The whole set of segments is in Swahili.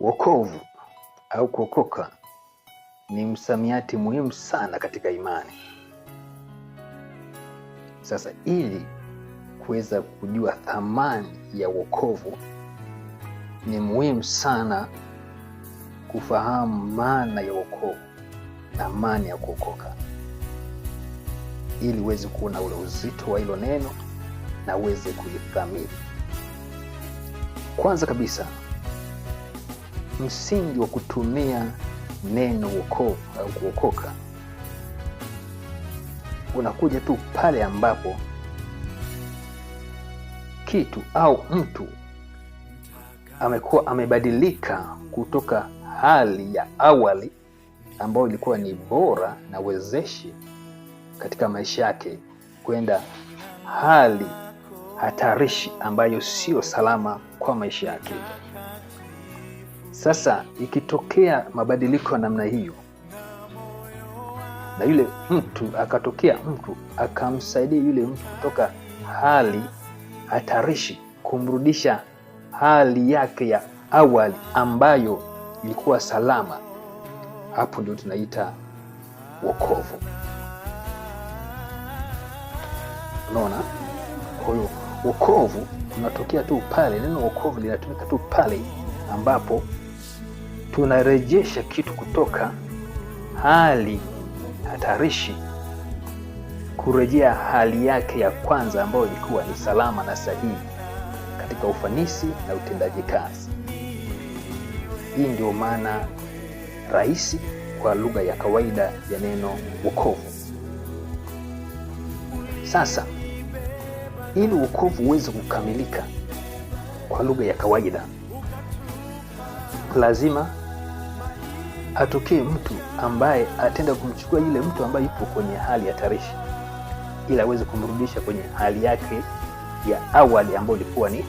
Wokovu au kuokoka ni msamiati muhimu sana katika imani. Sasa ili kuweza kujua thamani ya wokovu, ni muhimu sana kufahamu maana ya wokovu na maana ya kuokoka, ili uweze kuona ule uzito wa hilo neno na uweze kuithamini Kwanza kabisa msingi wa kutumia neno kuokoka unakuja tu pale ambapo kitu au mtu amekuwa amebadilika kutoka hali ya awali ambayo ilikuwa ni bora na wezeshi katika maisha yake kwenda hali hatarishi ambayo sio salama kwa maisha yake. Sasa ikitokea mabadiliko ya namna hiyo, na yule mtu akatokea mtu akamsaidia yule mtu kutoka hali hatarishi kumrudisha hali yake ya awali ambayo ilikuwa salama, hapo ndio tunaita wokovu. Unaona, kwahiyo wokovu unatokea tu pale, neno wokovu linatumika tu pale ambapo tunarejesha kitu kutoka hali hatarishi kurejea hali yake ya kwanza ambayo ilikuwa ni salama na sahihi katika ufanisi na utendaji kazi. Hii ndio maana rahisi kwa lugha ya kawaida ya neno wokovu. Sasa ili wokovu uweze kukamilika kwa lugha ya kawaida, lazima atokee mtu ambaye atenda kumchukua yule mtu ambaye yupo kwenye hali hatarishi, ili aweze kumrudisha kwenye hali yake ya awali ambayo ilikuwa ni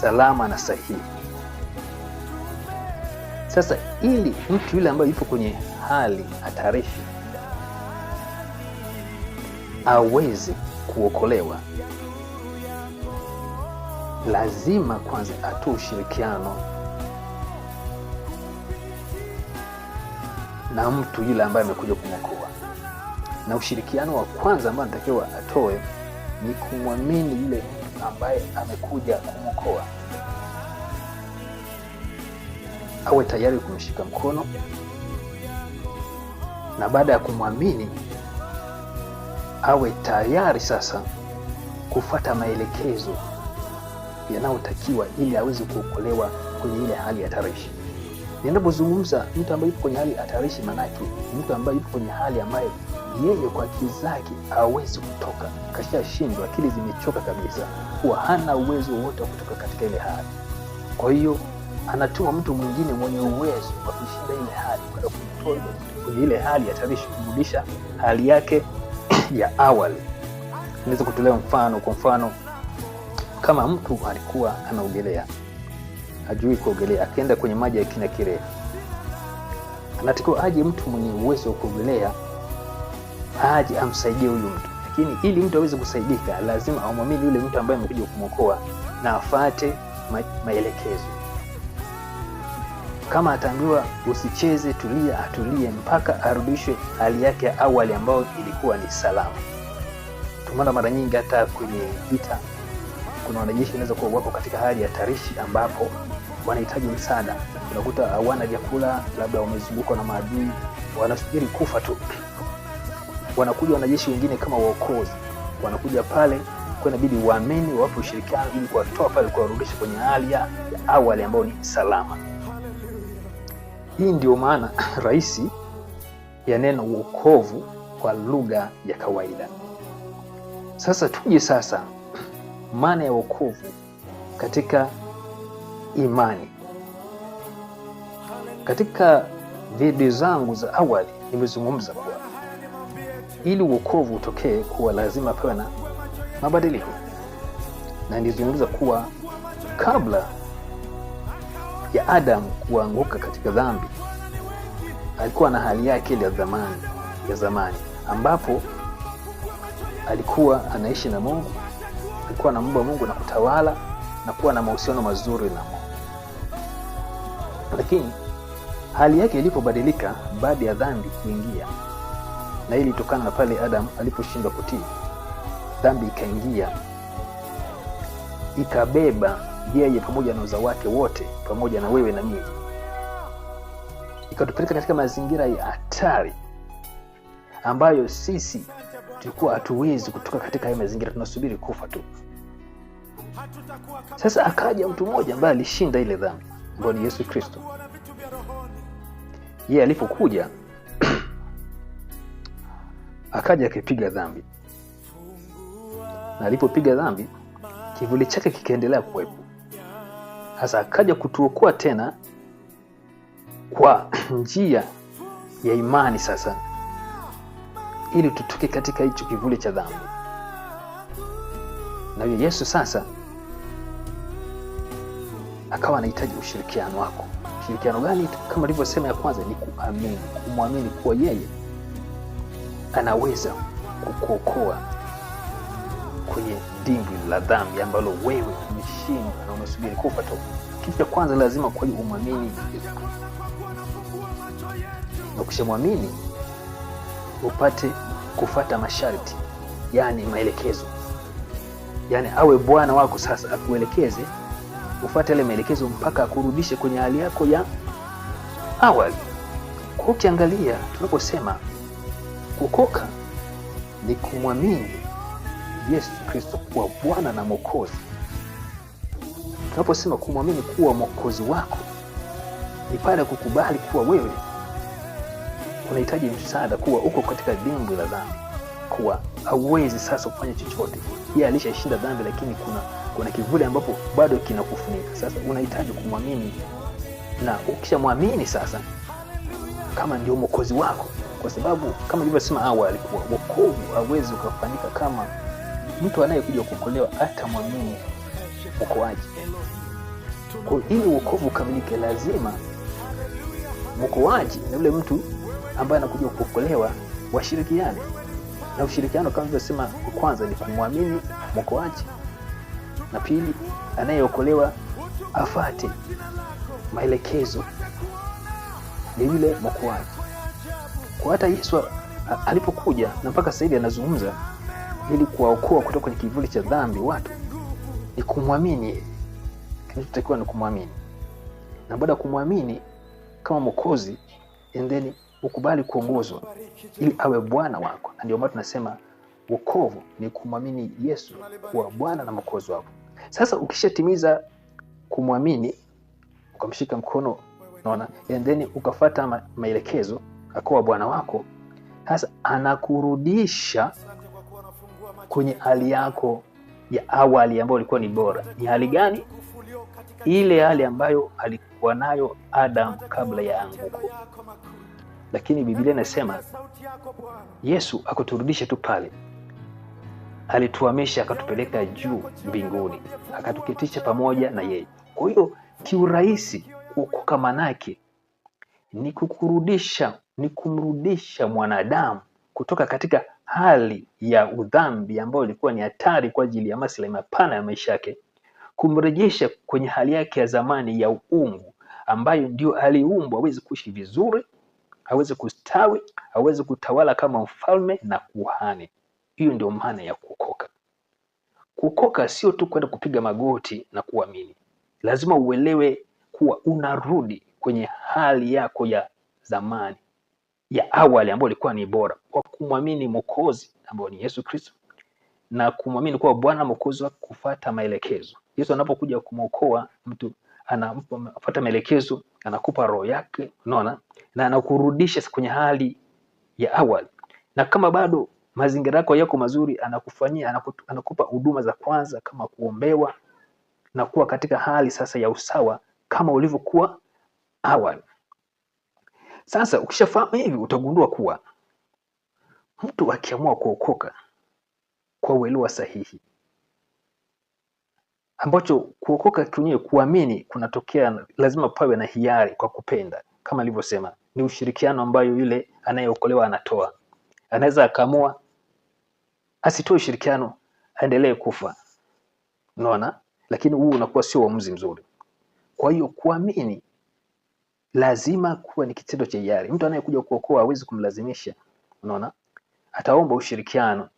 salama na sahihi. Sasa ili mtu yule ambaye yupo kwenye hali hatarishi aweze kuokolewa, lazima kwanza atoe ushirikiano na mtu yule ambaye amekuja kumwokoa. Na ushirikiano wa kwanza ambao anatakiwa atoe ni kumwamini yule mtu ambaye amekuja kumwokoa, awe tayari kumshika mkono, na baada ya kumwamini awe tayari sasa kufata maelekezo yanayotakiwa ili aweze kuokolewa kwenye ile hali ya tarishi Ninapozungumza mtu ambaye yupo kwenye hali hatarishi, manake mtu ambaye yupo kwenye hali ambayo yeye kwa akili zake hawezi kutoka, kashashindwa, akili zimechoka kabisa, huwa hana uwezo wowote wa kutoka katika ile hali. Kwa hiyo anatuma mtu mwingine mwenye uwezo wa kushinda ile hali kwenda kumtoa kwenye ile hali hatarishi, kurudisha hali yake ya awali. Naweza kutolewa mfano, kwa mfano kama mtu alikuwa anaogelea hajui kuogelea, akienda kwenye maji ya kina kirefu, anatakiwa aje mtu mwenye uwezo wa kuogelea, aje amsaidie huyu mtu. Lakini ili mtu aweze kusaidika, lazima amwamini yule mtu ambaye amekuja kumwokoa na afate ma maelekezo. Kama ataambiwa usicheze, tulia, atulie mpaka arudishwe hali yake ya awali ambayo ilikuwa ni salama. tumaona mara nyingi hata kwenye vita kuna wanajeshi wanaweza kuwa wako katika hali ya tarishi ambapo wanahitaji msaada, unakuta hawana vyakula, labda wamezungukwa na maadui, wanasubiri kufa tu. Wanakuja wanajeshi wengine kama waokozi, wanakuja pale kwa inabidi waamini, wawape ushirikiano ili kuwatoa pale, kuwarudisha kwenye hali ya awali ambayo ni salama. Hii ndio maana rahisi ya neno uokovu kwa lugha ya kawaida. Sasa tuje sasa maana ya wokovu katika imani. Katika video zangu za awali nimezungumza kuwa ili wokovu utokee kuwa lazima pawe na mabadiliko, na nilizungumza kuwa kabla ya Adamu kuanguka katika dhambi alikuwa na hali yake ile ya zamani ya zamani ambapo alikuwa anaishi na Mungu ukiwa na mbwa wa Mungu na kutawala na kuwa na mahusiano mazuri na Mungu. Lakini hali yake ilipobadilika baada ya dhambi kuingia, na hii ilitokana na pale Adam aliposhindwa kutii, dhambi ikaingia ikabeba yeye pamoja na uzao wake wote, pamoja na wewe na mimi, ikatupeleka katika mazingira ya hatari ambayo sisi tulikuwa hatuwezi kutoka katika hayo mazingira, tunasubiri kufa tu. Sasa akaja mtu mmoja ambaye alishinda ile dhambi ambayo ni Yesu Kristo. Yeye alipokuja akaja akipiga dhambi, na alipopiga dhambi kivuli chake kikaendelea kuwepo. Sasa akaja kutuokoa tena kwa njia ya imani sasa ili tutoke katika hicho kivuli cha dhambi. Na huyo Yesu sasa akawa anahitaji ushirikiano wako. Ushirikiano gani? Kama alivyosema ya kwanza ni kuamini, kumwamini kuwa yeye anaweza kukuokoa kwenye dimbwi la dhambi ambalo wewe umeshindwa na unasubiri kufa to Kitu cha kwanza lazima kweli umwamini, na ukishamwamini upate kufata masharti, yani maelekezo, yani awe bwana wako sasa, akuelekeze ufate ile maelekezo mpaka akurudishe kwenye hali yako ya awali. Kwa ukiangalia tunaposema kukoka ni kumwamini Yesu Kristo kuwa Bwana na Mwokozi. Tunaposema kumwamini kuwa mwokozi wako ni pale kukubali kuwa wewe unahitaji msaada, kuwa uko katika dimbwi la dhambi, kuwa hauwezi sasa kufanya chochote. Yeye alishashinda dhambi, lakini kuna kuna kivuli ambapo bado kinakufunika. Sasa unahitaji kumwamini, na ukishamwamini sasa kama ndio mwokozi wako, kwa sababu kama livyosema awali kuwa wokovu hauwezi ukafanyika kama mtu anayekuja kuokolewa hata mwamini Kwa ili uokovu ukamilike, lazima mokoaji na yule mtu ambaye anakuja kuokolewa washirikiane na ushirikiano kama nilivyosema, kwanza ni kumwamini mwokoaji, na pili, anayeokolewa afate maelekezo ni yule mwokoaji. Kwa hata Yesu alipokuja na mpaka sasa hivi anazungumza ili kuwaokoa kutoka kwenye kivuli cha dhambi watu, ni kumwamini. Kinachotakiwa ni kumwamini, na baada ya kumwamini kama Mwokozi, endeni ukubali kuongozwa ili awe Bwana wako, na ndio maana tunasema wokovu ni kumwamini Yesu kuwa Bwana na mwokozi wako. Sasa ukishatimiza kumwamini, ukamshika mkono, unaona, and then ukafata ma maelekezo, akawa Bwana wako, sasa anakurudisha kwenye hali yako ya awali ambayo ilikuwa ni bora. Ni hali gani? Ile hali ambayo alikuwa nayo Adam kabla ya anguko lakini Biblia inasema Yesu akuturudisha tu pale, alituhamisha akatupeleka juu mbinguni, akatuketisha pamoja na yeye. Kwa hiyo kiurahisi kuokoka manake ni kukurudisha, ni kumrudisha mwanadamu kutoka katika hali ya udhambi ambayo ilikuwa ni hatari kwa ajili ya maslahi mapana ya maisha yake, kumrejesha kwenye hali yake ya zamani ya uungu, ambayo ndio aliumbwa awezi kuishi vizuri aweze kustawi, aweze kutawala kama mfalme na kuhani. Hiyo ndio maana ya kuokoka. Kuokoka sio tu kwenda kupiga magoti na kuamini, lazima uelewe kuwa unarudi kwenye hali yako ya zamani ya awali ambayo ilikuwa ni bora, kwa kumwamini Mwokozi ambaye ni Yesu Kristo na kumwamini kuwa Bwana Mwokozi wa kufuata maelekezo. Yesu anapokuja kumwokoa mtu anapata maelekezo, anakupa roho yake, unaona, na anakurudisha kwenye hali ya awali, na kama bado mazingira yako yako mazuri, anakufanyia anakupa huduma za kwanza kama kuombewa na kuwa katika hali sasa ya usawa kama ulivyokuwa awali. Sasa ukishafahamu hivi, utagundua kuwa mtu akiamua kuokoka kwa uelewa sahihi ambacho kuokoka kwenyewe kuamini kunatokea, lazima pawe na hiari kwa kupenda, kama alivyosema, ni ushirikiano ambayo yule anayeokolewa anatoa. Anaweza akaamua asitoe ushirikiano, aendelee kufa, unaona, lakini huu unakuwa sio uamuzi mzuri. Kwa hiyo kuamini lazima kuwa ni kitendo cha hiari. Mtu anayekuja kuokoa hawezi kumlazimisha, unaona, ataomba ushirikiano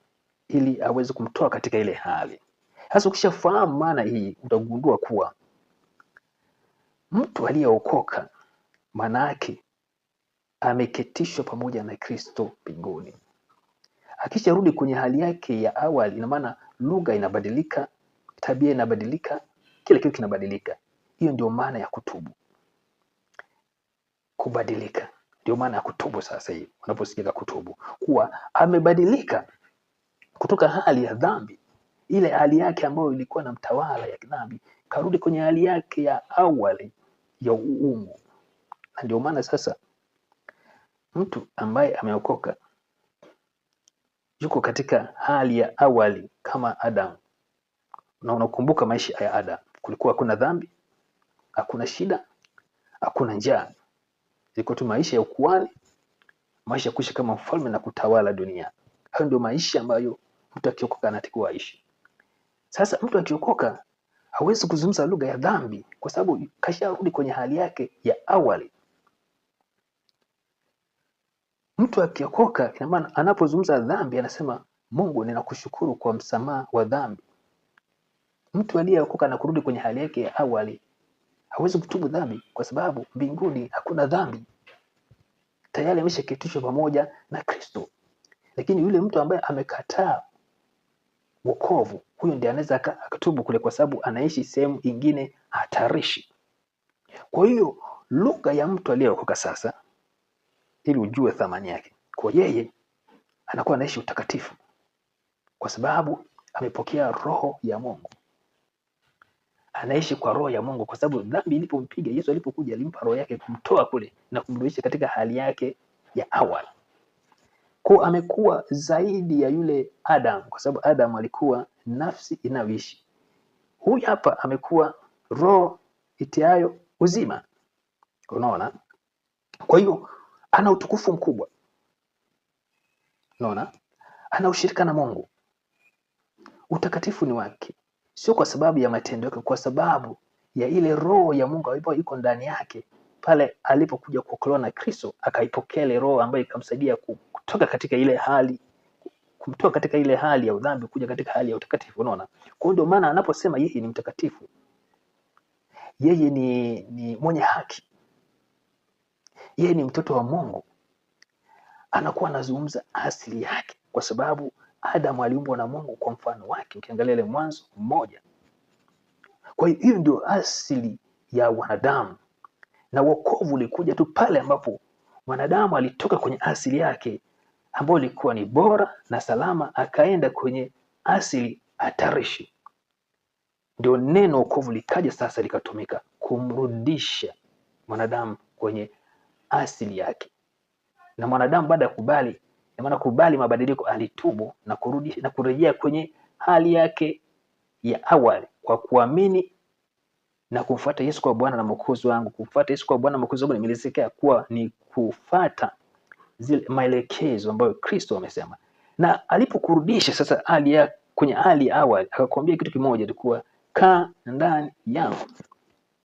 ili aweze kumtoa katika ile hali hasa ukishafahamu maana hii, utagundua kuwa mtu aliyeokoka maana yake ameketishwa pamoja na Kristo mbinguni. Akisharudi kwenye hali yake ya awali, ina maana lugha inabadilika, tabia inabadilika, kila kitu kinabadilika. Hiyo ndio maana ya kutubu, kubadilika. Ndio maana ya kutubu. Sasa hii unaposikia kutubu, kuwa amebadilika kutoka hali ya dhambi ile hali yake ambayo ilikuwa na mtawala ya kidhambi, karudi kwenye hali yake ya awali ya uumu. Na ndio maana sasa mtu ambaye ameokoka yuko katika hali ya awali kama Adam, na unakumbuka maisha ya Adam, kulikuwa hakuna dhambi, hakuna shida, hakuna njaa, ilikuwa tu maisha ya ukuani, maisha ya kuishi kama mfalme na kutawala dunia. Hayo ndio maisha ambayo mtu akiokoka anatakiwa aishi. Sasa mtu akiokoka hawezi kuzungumza lugha ya dhambi, kwa sababu kasharudi kwenye hali yake ya awali. Mtu akiokoka, ina maana anapozungumza dhambi anasema Mungu, ninakushukuru kwa msamaha wa dhambi. Mtu aliyeokoka na kurudi kwenye hali yake ya awali hawezi kutubu dhambi, kwa sababu mbinguni hakuna dhambi, tayari ameshaketishwa pamoja na Kristo. Lakini yule mtu ambaye amekataa wokovu, huyu ndiye anaweza akatubu kule, kwa sababu anaishi sehemu ingine hatarishi. Kwa hiyo lugha ya mtu aliyeokoka sasa, ili ujue thamani yake, kwa yeye anakuwa anaishi utakatifu kwa sababu amepokea roho ya Mungu, anaishi kwa roho ya Mungu, kwa sababu dhambi ilipompiga Yesu, alipokuja alimpa roho yake kumtoa kule na kumrudisha katika hali yake ya awali. Kwa amekuwa zaidi ya yule Adam, kwa sababu Adam alikuwa nafsi inayoishi. Huyu hapa amekuwa roho itiayo uzima. Unaona? Kwa hiyo ana utukufu mkubwa. Unaona? Ana ushirika na Mungu. Utakatifu ni wake, sio kwa sababu ya matendo yake, kwa sababu ya ile roho ya Mungu ambayo iko ndani yake pale alipokuja kuokolewa na Kristo, akaipokea ile roho ambayo ikamsaidia ku kutoka katika ile hali kumtoa katika ile hali ya udhambi kuja katika hali ya utakatifu. Unaona, kwa ndio maana anaposema yeye ni mtakatifu, yeye ni, ni mwenye haki, yeye ni mtoto wa Mungu, anakuwa anazungumza asili yake, kwa sababu Adamu aliumbwa na Mungu kwa mfano wake, ukiangalia ile Mwanzo mmoja. Kwa hiyo hiyo ndio asili ya wanadamu, na wokovu ulikuja tu pale ambapo mwanadamu alitoka kwenye asili yake ambayo ilikuwa ni bora na salama, akaenda kwenye asili hatarishi. Ndio neno wokovu likaja sasa likatumika kumrudisha mwanadamu kwenye asili yake, na mwanadamu baada ya kubali maana kubali mabadiliko, alitubu na kurudi na kurejea kwenye hali yake ya awali kwa kuamini na kumfuata Yesu kwa Bwana na Mwokozi wangu. Kumfuata Yesu kwa Bwana na Mwokozi wangu nimelisikia kuwa ni kufata zile maelekezo ambayo Kristo amesema, na alipokurudisha sasa hali ya kwenye hali ya awali akakwambia kitu kimoja tu, kuwa kaa ndani yangu.